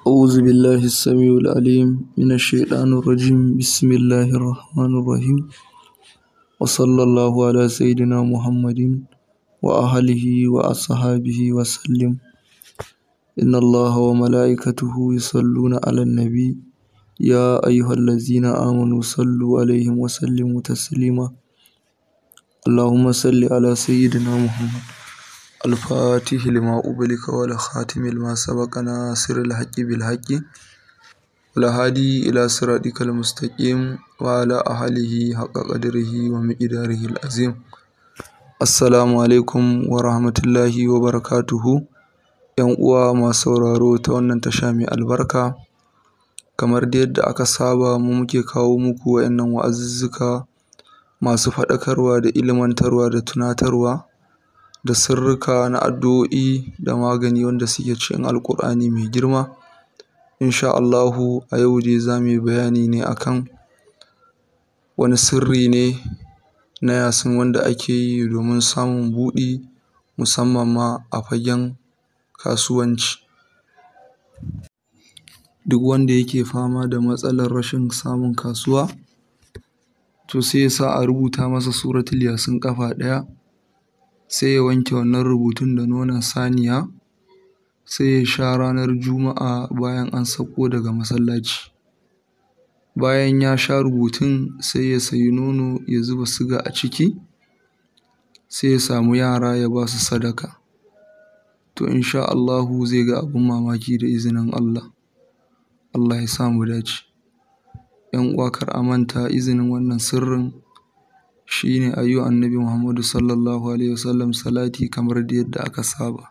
أعوذ بالله السميع العليم من الشيطان الرجيم بسم الله الرحمن الرحيم وصلى الله على سيدنا محمد وأهله وأصحابه وسلم إن الله وملائكته يصلون على النبي يا أيها الذين آمنوا صلوا عليه وسلموا تسليما اللهم صل على سيدنا محمد الفاتح لما أغلق والخاتم لما سبق ناصر الحق بالحق والهادي إلى صراطك المستقيم وعلى أهله حق قدره ومقداره العظيم Assalamu alaikum wa rahmatullahi wa barakatuhu ‘yan uwa masu sauraro ta wannan tasha mai albarka kamar da yadda aka saba mu muke kawo muku wa'innan wa'azuzzuka masu faɗakarwa da ilimantarwa da tunatarwa da sirrika na addu'o'i da magani wanda suke cikin Alkur'ani mai girma. insha'Allahu, Allahu a yau dai za mu yi bayani ne a wani sirri ne na Yasin wanda ake yi domin samun buɗi musamman ma a fagen kasuwanci. Duk wanda yake fama da matsalar rashin samun kasuwa to sai ya sa a rubuta masa Suratul Yasin ƙafa ɗaya sai ya wanke wannan rubutun da nonon saniya sai ya sha ranar Juma'a bayan an sauko daga masallaci. Bayan ya sha rubutun sai ya sayi nono ya zuba suga a ciki sai ya samu yara ya ba su sadaka. To in sha Allahu zai ga abin mamaki da izinin Allah. Allah ya sa mu dace. 'Yan uwa kar a manta izinin wannan sirrin shi ne a Annabi Muhammadu Sallallahu Alaihi Wasallam salati kamar da yadda aka saba.